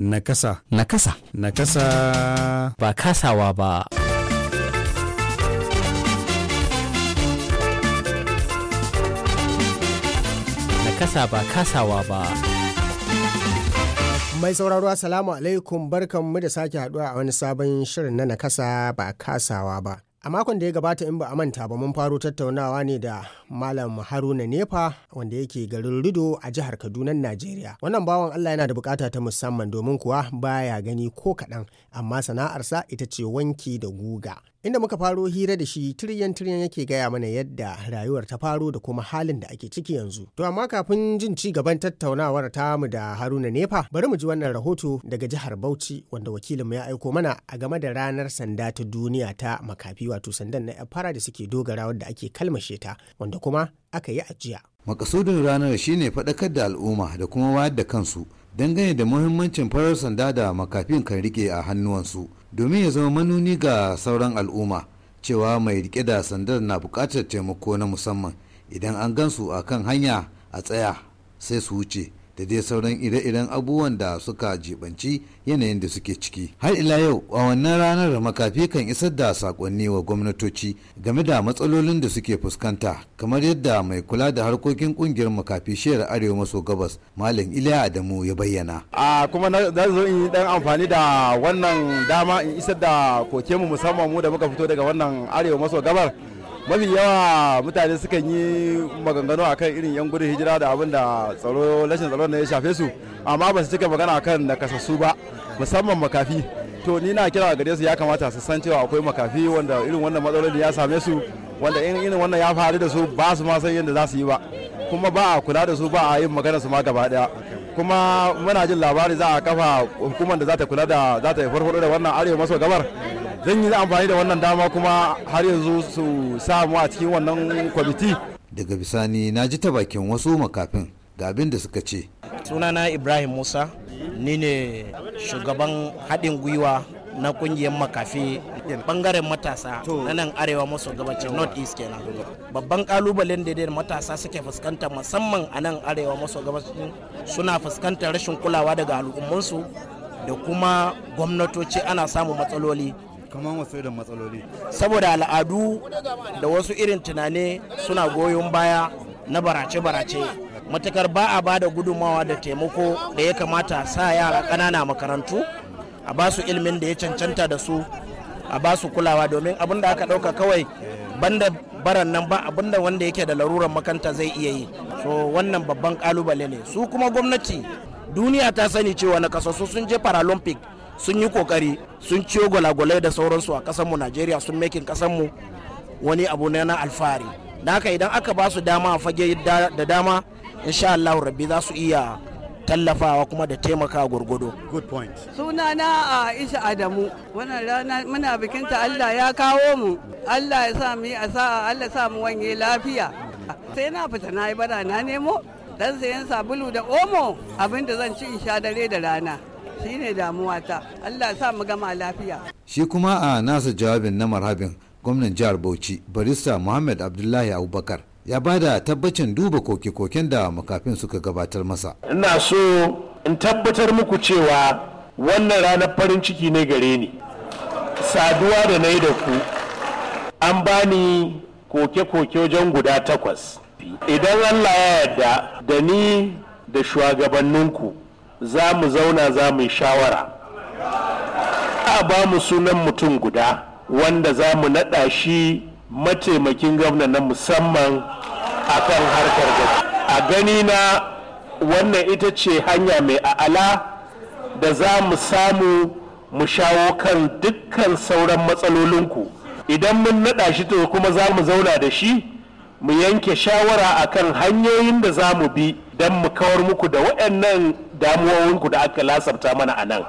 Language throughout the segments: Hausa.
Nakasa. Nakasa. Nakasa. Ba kasawa ba. Nakasa ba kasawa ba. Mai sauraro Assalamu alaikum barkanmu da sake haduwa a wani sabon shirin na nakasa ba kasawa ba. a makon da ya gabata in ba a manta ba mun faro tattaunawa ne da malam haruna nefa wanda yake garin rido a jihar kaduna najeriya wannan bawan allah yana da bukata ta musamman domin kuwa baya gani ko kaɗan amma sana'arsa ita ce wanki da guga inda muka faro hira da shi tiryan tiryan yake gaya mana yadda rayuwar ta faro da kuma halin da ake ciki yanzu to amma kafin jin ci gaban tattaunawar tamu da haruna nefa bari mu ji wannan rahoto daga jihar bauchi wanda wakilinmu ya aiko mana a game da ranar sanda ta duniya ta makafi wato sandan na fara da suke dogara wadda ake kalmashe ta wanda kuma aka yi ajiya makasudin ranar shine faɗakar da al'umma da kuma wayar da kansu dangane da muhimmancin farar sanda da makafin kan rike a hannuwansu domin ya zama manuni ga sauran al'umma cewa mai rike da sandar na buƙatar taimako na musamman idan an gansu a kan hanya a tsaya sai su wuce da dai sauran ire-iren abubuwan da suka jibanci yanayin da suke ciki har ila yau a wannan ranar makafi kan isar da sakonni wa gwamnatoci game da matsalolin da suke fuskanta kamar yadda mai kula da harkokin kungiyar makafi shiyar arewa maso gabas malam iliya adamu ya bayyana a kuma na zo in yi dan amfani da wannan dama in isar da koke mu musamman mu da muka fito daga wannan arewa maso gabar mafi yawa mutane sukan yi maganganu a kan irin yan gudun hijira da abin da tsaro rashin tsaro ne ya shafe su amma ba su cika magana a akan nakasassu ba musamman makafi to ni na kira gare su ya kamata su san cewa akwai makafi wanda irin wannan matsaloli ya same su wanda irin wannan ya faru da su ba su ma san yadda za su yi ba kuma ba a kula da su ba a yin magana su ma gaba daya kuma muna jin labari za a kafa hukumar da za ta kula da za ta farfado da wannan arewa maso gabar zan yi amfani da wannan dama kuma har yanzu su samu a cikin wannan kwamiti daga bisani na ji ta bakin wasu makafin ga abin da suka ce sunana ibrahim musa ni ne shugaban haɗin gwiwa na kungiyar makafi bangaren matasa na nan arewa maso gabacin north east kenan babban kalubalen da matasa suke fuskanta musamman a nan arewa maso gabacin suna fuskantar rashin kulawa daga al'ummansu da kuma gwamnatoci ana samun matsaloli kamar wasu irin matsaloli saboda al'adu da wasu irin tunane suna goyon baya na barace-barace matukar ba a ba da gudunmawa da taimako da ya kamata sa yara ƙanana makarantu a ba su ilimin da ya cancanta da su a ba su kulawa domin abin da aka ɗauka kawai banda baran nan ba abin da wanda yake da laruran makanta zai iya yi so wannan babban ƙalubale ne su kuma gwamnati duniya ta sani cewa na sun je paralympic sun yi kokari sun ciyo gwalagwalai da sauransu a kasanmu najeriya sun mekin kasanmu wani abu na na alfahari da haka idan aka ba su dama a fage da dama insha Allah rabbi za su iya tallafawa kuma da taimaka gurgudu. Good point. Sunana a Isha Adamu, wannan rana muna bikinta Allah ya kawo mu, Allah ya sa mu yi asa'a, Allah ya sa mu wanye lafiya. Sai na fita na yi bara na nemo, dan sayan sabulu da omo abinda zan ci in sha dare da rana. ne damuwa ta Allah sa mu gama lafiya shi kuma a nasa jawabin na marhabin gwamnan jihar Bauchi barista Muhammad Abdullahi Abubakar ya bada tabbacin duba koke-koken da makafin suka gabatar masa ina so in tabbatar muku cewa wannan ranar farin ciki ne gare ni saduwa da na yi da ku an bani koke-koke wajen guda takwas idan allah ya yarda da ni da shugabanninku za mu zauna za mu shawara a ba mu sunan mutum guda wanda za mu naɗa shi mataimakin gwamna na musamman akan harkar gaji a gani na wannan ita ce hanya mai a'ala da za mu samu mu shawo kan dukkan sauran matsalolinku idan mun naɗa shi to kuma za mu zauna da shi mu yanke shawara akan hanyoyin da za mu bi don mu kawar muku da waɗannan damuwowinku da aka lasafta mana a nan.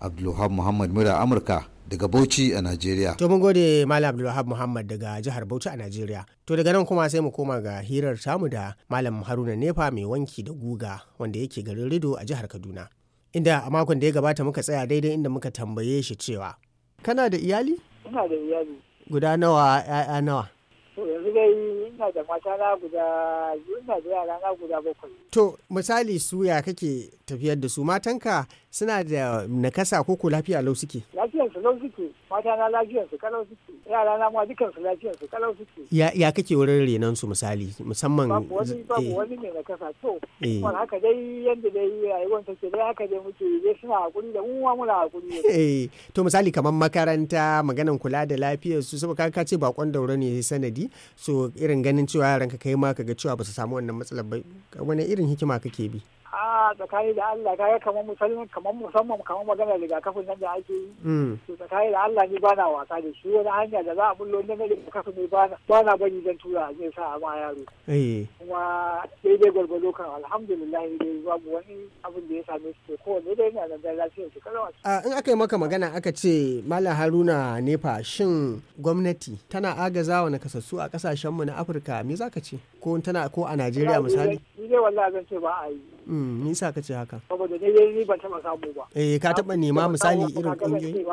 Abdulwahab Muhammad Mura Amurka daga Bauchi a Najeriya. To mun gode Malam Abdulwahab Muhammad daga jihar Bauchi a Najeriya. To daga nan kuma sai mu koma ga hirar tamu da Malam Haruna Nefa mai wanki da guga wanda yake garin Rido a jihar Kaduna. Inda a makon da ya gabata muka tsaya daidai inda muka tambaye shi cewa. Kana da iyali? Ina da iyali. Guda nawa 'ya'ya nawa? yanzu dai ina da mata na guda ina da yara na guda bakwai. To misali su ya kake tafiyar da su matanka suna da nakasa ko ko lafiya lau suke? Lafiyar su lau suke mata na lafiyar su kalau suke yara na ma dukan su lafiyar su kalau suke. Ya ya kake wurin renon su misali musamman. Babu wani babu eh. wani mai nakasa to. Wani eh. haka dai yadda dai rayuwar ta take dai haka dai muke dai suna hakuri da mu muna hakuri. Eh, to misali kamar makaranta maganan kula da lafiyar su saboda ka ce bakon daure ne sanadi so irin ganin cewa yaran ka kai ma ka ga cewa ba su samu wannan matsalar ba wani irin hikima kake bi a tsakani da Allah kaga kamar musulmi kamar musamman kamar magana rigakafin nan da ake yi mm. to tsakani da Allah ni bana wasa da shi wani hanya da za a bullo na kafin ne bana bani bari dan tura zai sa a ma yaro eh. kuma daidai gwargwado kan alhamdulillah dai babu wani abin da ya same su ko ne dai ina da lafiyar su kalawa in aka yi maka magana aka ce Malam Haruna Nefa shin gwamnati tana agazawa na kasassu a kasashen mu na Afirka me zaka ce ko tana ko a Najeriya misali ni dai wallahi zan ce ba a yi nisa mm, ka ce haka saboda dai ni ban taba samu ba eh ka taba nema misali irin kungiyoyi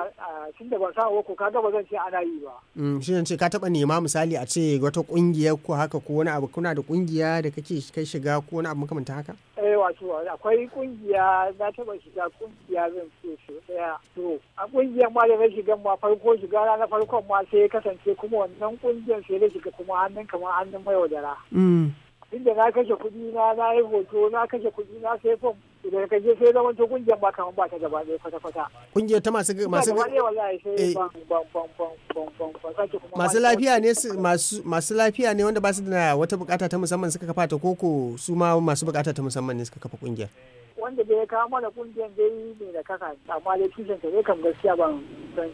shin ah, da ban samu ko ka ba zan ce ana yi ba mm shin ce ka taba nema misali a ce wata ƙungiya ko haka ko wani abu kuna da kungiya da kake kai shiga ko wani abu makamantan haka eh wato akwai kungiya na taɓa shiga kungiya zan ce su daya to a kungiyar ma da na shiga ma farko shiga na farkon ma sai kasance kuma wannan kungiyar sai da shiga kuma hannun kamar hannun mai wadara mm inda na kashe kuɗi na na yi hoto na kashe kuɗi na sai fom idan ka je sai zama to kungiyar ba kamar ba ta gaba ɗaya kwata kwata kungiyar ta masu masu masu lafiya ne masu lafiya ne wanda ba su da wata bukata ta musamman suka kafa ta koko su ma masu bukata ta musamman ne suka kafa kungiyar wanda da ya kawo mana kungiyar dai ne da kaka amma dai tushen ta ne kam gaskiya ban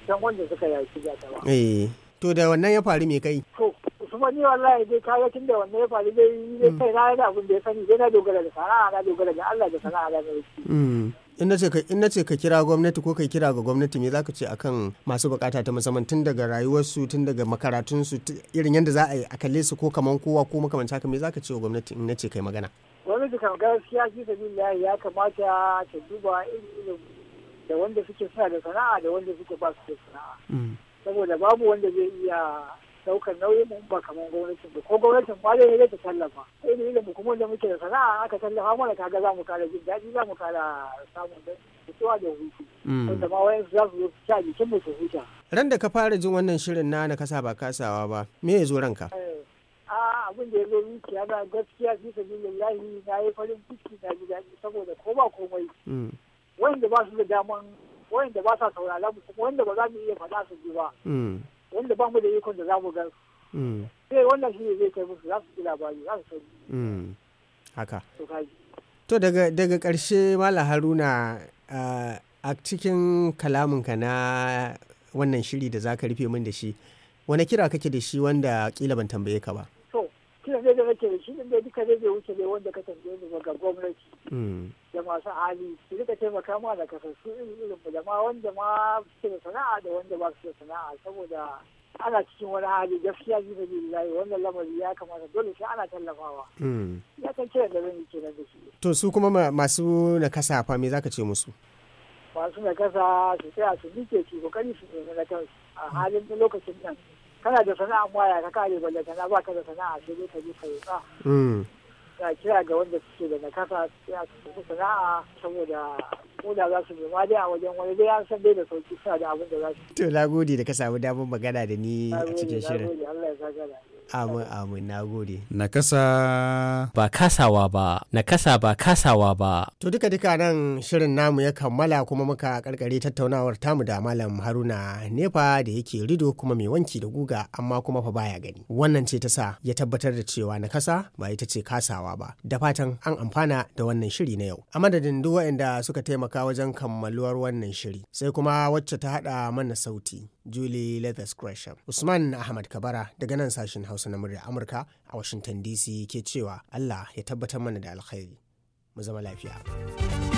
san wanda suka yaki shi ta ba eh to da wannan ya faru me kai to kuma ni wallahi dai kaga tun da wannan ya faru zai ni dai mm. kai na da abin da ya sani dai na dogara da sana'a na dogara da Allah da sana'a da mai mm. in na ce ka kira gwamnati ko ka kira ga gwamnati me za ka ce akan masu bukata ta musamman tun daga rayuwarsu tun daga makaratunsu irin yadda za a yi a kalle su ko kaman kowa ko makamanci haka me za ka ce wa gwamnati in na ce kai magana gwamnati kan gaskiya shi sabilillahi ya kamata ta duba irin da wanda suke suna da sana'a da wanda suke ba su da sana'a mm. saboda babu wanda zai iya daukar nauyin mu ba kamar gwamnatin ba ko gwamnatin ba zai rage tallafa sai da ilimin kuma da muke da sana'a aka tallafa mana kaga za mu kara jin daɗi za mu kara samun fitowa da hutu mm. wanda ma wayan su za su zo su jikin mu su huta. ran da ka fara jin wannan shirin na na kasa ba kasawa ba me ya zo ranka. Eh, abin da ya zo zuciya na gaskiya fi sabilin yayi na yi farin ciki na ji daɗi saboda ko ba komai mm. wanda ba su da daman wanda ba sa sauraron mu kuma wanda ba za mu iya faɗa su ji ba mm. wanda ba mu da ikon da za mu ga sai mm. eh, wannan shi zai kai musu za su ci labari za su sani mm. haka to daga daga ƙarshe mala haruna ah, a cikin kalaminka na wannan shiri da za ka rufe min da shi wani kira kake da shi wanda kila ban tambaye ka ba bayanai da nake da shi din dai duka zai wuce ne wanda ka tambaye mu daga gwamnati mm. da masu hali su rika taimaka ma da su irin da ma wanda ma suke da sana'a da wanda ba su da sana'a saboda ana cikin wani hali gaskiya ji da lillahi wannan lamari ya kamata dole sai ana tallafawa mm. ya kan kira da zanyi kenan da shi to su kuma masu kasa fa me zaka ce musu masu nakasa su tsaya su nike su kokari su nemi na kansu a halin lokacin nan kana da sana'a waya ka kare balle sana'a ba ka da sana'a sai dai ka je ka roƙa na mm. kira ga wanda suke da nakasa ya su sana'a saboda koda za su nema dai a wajen wani dai an san dai da sauki suna da abin da za su. To na gode da ka samu damar magana da ni a cikin shirin. Allah ya sa amin amin na gode nakasa ba kasawa ba nakasa ba kasawa ba to duka duka nan shirin namu ya kammala kuma muka karkare tattaunawar tamu da malam haruna nefa da yake rido kuma mai wanki da guga amma kuma fa baya gani wannan ce ta sa ya tabbatar da cewa nakasa ba ita ce kasawa ba da fatan an amfana da wannan shiri na yau a madadin duk waɗanda suka taimaka wajen kammaluwar wannan shiri sai kuma wacce ta haɗa mana sauti Julie Leathers Gresham. Usman Ahmad Kabara daga nan sashen Hausa na murya Amurka a Washington DC ke cewa Allah ya tabbatar mana da alkhairi. Mu zama lafiya.